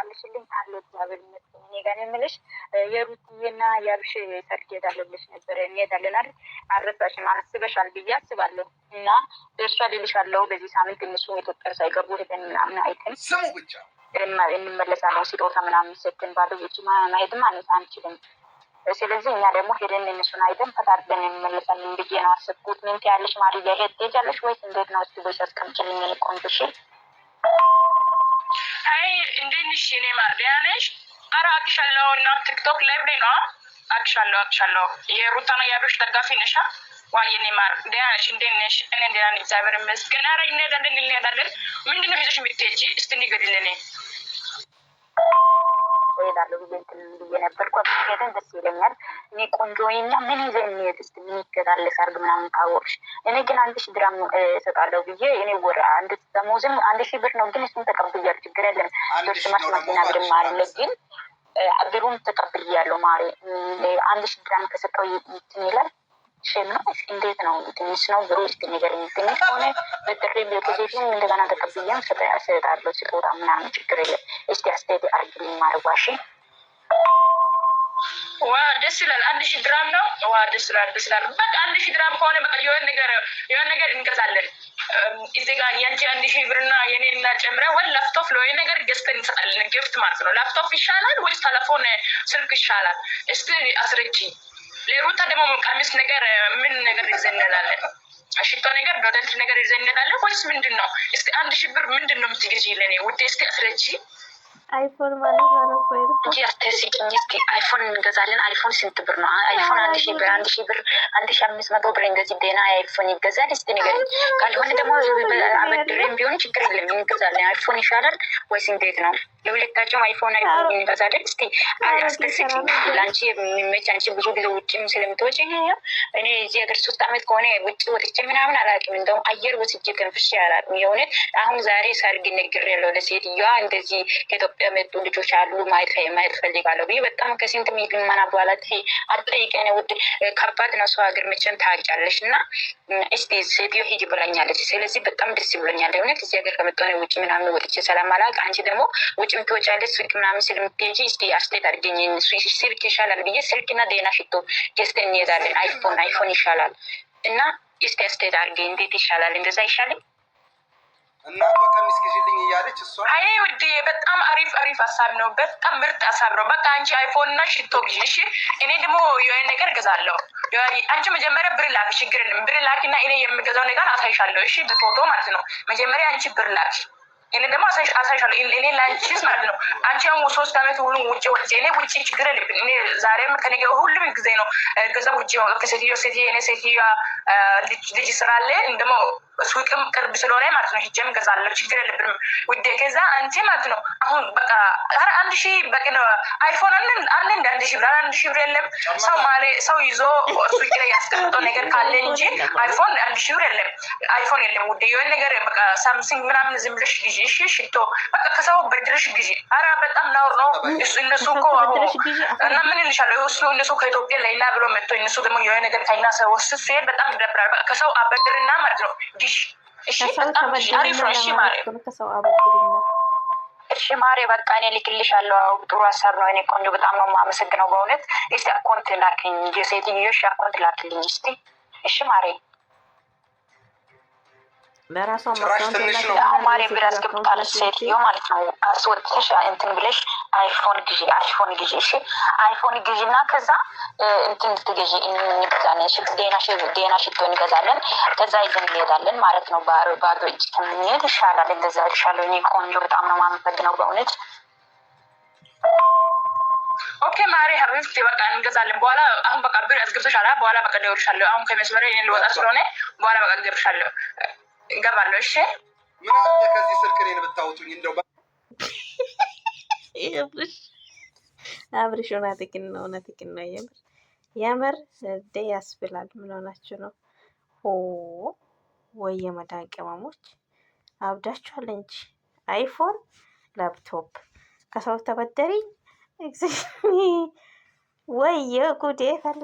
አለችልኝ አለ እግዚአብሔር ይመስገን። እኔ ጋር የምልሽ የሩትዬና የአብሽ ሰርግ ሄዳለብሽ ነበረ እንሄዳለን አይደል? አልረሳሽም አስበሻል ብዬ አስባለሁ እና ደርሷል እልሻለሁ። በዚህ ሳምንት እነሱ ኢትዮጵያ ሳይገቡ ሄደን ምናምን አይተን ስሙ ብቻ እንመለሳለን። ስጦታ ምናምን ሰትን ባለ ማሄድ ማሄድም አንችልም። ስለዚህ እኛ ደግሞ ሄደን እነሱን አይተን ፈታርደን እንመለሳለን ብዬ ነው አስብኩት። ምን ትያለሽ ማሪ? ሄድ ትሄጃለሽ ወይስ እንዴት ነው? እስኪ ቦይስ አስቀምጭልኝ ቆንጆ። እሺ እንዴት ነሽ የኔ ማር ደህና ነሽ? ኧረ አውቅሻለሁ እና ቲክቶክ ላይቭ ላይ ነው አውቅሻለሁ የሩታ ነው የአብርሽ ደጋፊ ነሽ? ዋ የኔ ማር ደህና ነሽ? እንዴት ነሽ? እኔ ደህና ነኝ እግዚአብሔር ይመስገን። ኧረ እንሄዳለን እንሄዳለን። ምንድን ነው ይዘሽ የምትሄጂ? እስቲ ንገሪልኝ እሄዳለሁ ብዬ እንትን ብዬ ነበር። ቆሄደን ደስ ይለኛል። እኔ ቆንጆ ወይና ምን ይዘን እንሄድ ስ ምን ይገዛል ሰርግ ምናምን ካወቅሽ፣ እኔ ግን አንድ ሺ ድራም እሰጣለሁ ብዬ እኔ ወር አንድ ደሞዝም አንድ ሺ ብር ነው፣ ግን እሱም ተቀብያለሁ። ችግር የለም ዶርሽማሽ ማኪና ብርም አለ ግን ብሩም ተቀብያለሁ። ማሬ አንድ ሺ ድራም ከሰጠው ይትን ይላል ሸና እስኪ እንዴት ነው ትንሽ ነው ብሩ እስኪ ነገር የሚገኝ ሆነ በጥሪ ቤተዜሽን እንደገና ተቀብያም ስጣለው ስጦታ ምናምን ችግር የለም። እስቲ አስተያየት አርግልኝ ማድረጓሽ ዋ ደስ ይላል። አንድ ሺ ድራም ነው። ዋ ደስ ይላል፣ ደስ ይላል። በቃ አንድ ሺ ድራም ከሆነ በቃ የሆነ ነገር የሆነ ነገር እንገዛለን። እዚህ ጋር ያንቺ አንድ ሺ ብርና የኔና ጨምረ ወይ ላፕቶፕ ለወይ ነገር ገዝተን እንሰጣለን። ግፍት ማለት ነው። ላፕቶፕ ይሻላል ወይስ ተለፎን ስልክ ይሻላል? እስቲ አስረጅኝ። ለሩታ ደግሞ ቀሚስ ነገር ምን ነገር ይዘንላለን? እንላለን? ሽቶ ነገር ዶደንት ነገር ይዘንላለን ወይስ ምንድን ነው? እስኪ አንድ ሺህ ብር ምንድን ነው የምትገዢ ለኔ ውዴ? እስኪ አስረጂ አይፎን ማለት ነው እንጂ አትስቂኝ። እስኪ አይፎን እንገዛለን። አይፎን ስንት ብር ነው? አይፎን አንድ ሺህ ብር፣ አንድ ሺህ ብር፣ አንድ ሺህ አምስት መቶ ብር እንደዚህ ደህና አይፎን ይገዛል። እስኪ ንገሪኝ። ካልሆነ ደግሞ አበድሬም ቢሆን ችግር የለም እንገዛለን። አይፎን ይሻላል ወይስ እንዴት ነው? የሁለታቸውም አይፎን አይፎን እንገዛለን። እስኪ አስደስቂኝ። ለአንቺ የሚመች አንቺ ብዙ ጊዜ ውጭም ስለምትወጪ እኔ እዚህ ሀገር ሶስት ዓመት ከሆነ ውጭ ወጥቼ ምናምን አላውቅም። እንደውም አየር ወስጄ ተንፍሼ አላውቅም። የእውነት አሁን ዛሬ ሰርግ ነግሬያለሁ ለሴትዮዋ እንደዚህ ከኢትዮጵያ ኢትዮጵያ መጡ ልጆች አሉ ማየት ማየት ፈልጋለሁ ብዬ በጣም ከስንት ሚሊዮን በኋላ አጠይቀን ውድ ከባድ ነው። ሰው ሀገር መቼም ታውቂያለሽ። እና እስቲ ሴትዮ ሂጂ ብለኛለች። ስለዚህ በጣም ደስ ብሎኛል። እውነት እዚህ ሀገር ከመጣሁ ነው ውጭ ምናምን ወጥቼ ሰላም አላውቅ። አንቺ ደግሞ ውጭም ትወጫለች ስልክ ምናምን ስለምትሄጂ እስቲ አስተያየት አድርገኝ። ስልክ ይሻላል ብዬ ስልክና ዜና ሽቶ ገዝተን እንሄዳለን። አይፎን አይፎን ይሻላል እና እስቲ አስተያየት አድርገኝ። እንዴት ይሻላል? እንደዛ ይሻላል እና በቀሚስ ጊዜ ትላለች እሷ። አይ ውዴ፣ በጣም አሪፍ አሪፍ ሀሳብ ነው። በጣም ምርጥ ሀሳብ ነው። በቃ አንቺ አይፎን እና ሽቶ ግዢ፣ እሺ። እኔ ደግሞ የሆነ ነገር እገዛለሁ። አንቺ መጀመሪያ ብር ላክ፣ ችግር የለም። ብር ላክ እና እኔ የምገዛው ነገር አሳይሻለሁ፣ እሺ። በፎቶ ማለት ነው። መጀመሪያ አንቺ ብር ላክ እኔ ደግሞ አሳይሻለሁ። እኔ ላንቺስ ማለት ነው። አንቺ አሁን ሶስት አመት ሁሉ ውጭ ወጥቼ እኔ ውጭ ችግር የለብን። እኔ ዛሬም ከነገ ሁሉም ጊዜ ነው ገዛ ውጭ ሴትዮ ሴትዮ እኔ ሴትዮ ልጅ ስራለ ደግሞ ሱቅም ቅርብ ስለሆነ ማለት ነው ሂጄም እገዛለሁ። ችግር የለብንም ውዴ። ከዛ አንቺ ማለት ነው አሁን በቃ አንድ ሺ በቂ ነው። አይፎን አለን አለ እንደ አንድ ሺ ብር አንድ ሺ ብር የለም። ሰው ማለ ሰው ይዞ ሱቅ ላይ ያስቀምጠው ነገር ካለ እንጂ አይፎን አንድ ሺ ብር የለም። አይፎን የለም ውዴ። የሆነ ነገር በቃ ሳምሲንግ ምናምን ዝም ብለሽ ግዢ። እሺ ሽቶ በቃ ከሰው በድረሽ ግዢ። አረ በጣም ናውር ነው እነሱ እኮ እና ምን ይልሻለሁ እሱ እነሱ ከኢትዮጵያ ላይና ብሎ መጥቶ እነሱ ደግሞ የሆነ ነገር ከኛ ሰው ሲሄድ በጣም ይደብራል። ከሰው አበድርና ማለት ነው አበድርሽ። እሺ አሪፍ ነው። እሺ ማሬ እሺ ማሬ በቃ እኔ ልክልሻለሁ። ጥሩ ሀሳብ ነው። እኔ ቆንጆ በጣም ነው የማመሰግነው በእውነት። እስቲ አኮንት ላክልኝ፣ የሴትዮሽ አኮንት ላክልኝ እስቲ። እሺ ማሬ ጭራሽ ትንሽ ነው። አማሬ ብር አስገብታለች ሴትዮ ማለት ነው። አስወጥተሽ እንትን ብለሽ አይፎን ግዢ፣ አይፎን ግዢ፣ እሺ አይፎን ግዢ እና ከዛ እንትን ልትገዢ እንገዛለን፣ ዴና ሽቶ እንገዛለን። ከዛ ይዘን እንሄዳለን ማለት ነው። ባዶ እጅ ከምንሄድ ይሻላል። እንደዛ ይሻለ። እኔ ቆንጆ በጣም ነው የማመሰግነው በእውነት። ኦኬ ማሪ ሀሪፍ በቃ እንገዛለን። በኋላ አሁን በቃ ብር አስገብተሻል። በኋላ በቃ ደውልሻለሁ። አሁን ከመስመር ልወጣ ስለሆነ በኋላ በቃ ገብርሻለሁ እገባለሁ። እሺ ምን አለ ከዚህ ስልክ እኔን ብታወጡኝ እንደው አብርሽ እውነትህን ነው፣ እውነትህን ነው። የምር የምር ያስብላል። ምን ሆናችሁ ነው? ሆ ወይ የመዳን ቅመሞች አብዳችኋል እንጂ አይፎን፣ ላፕቶፕ ከሰው ተበደሪ ወይ ጉዴ ፈላ።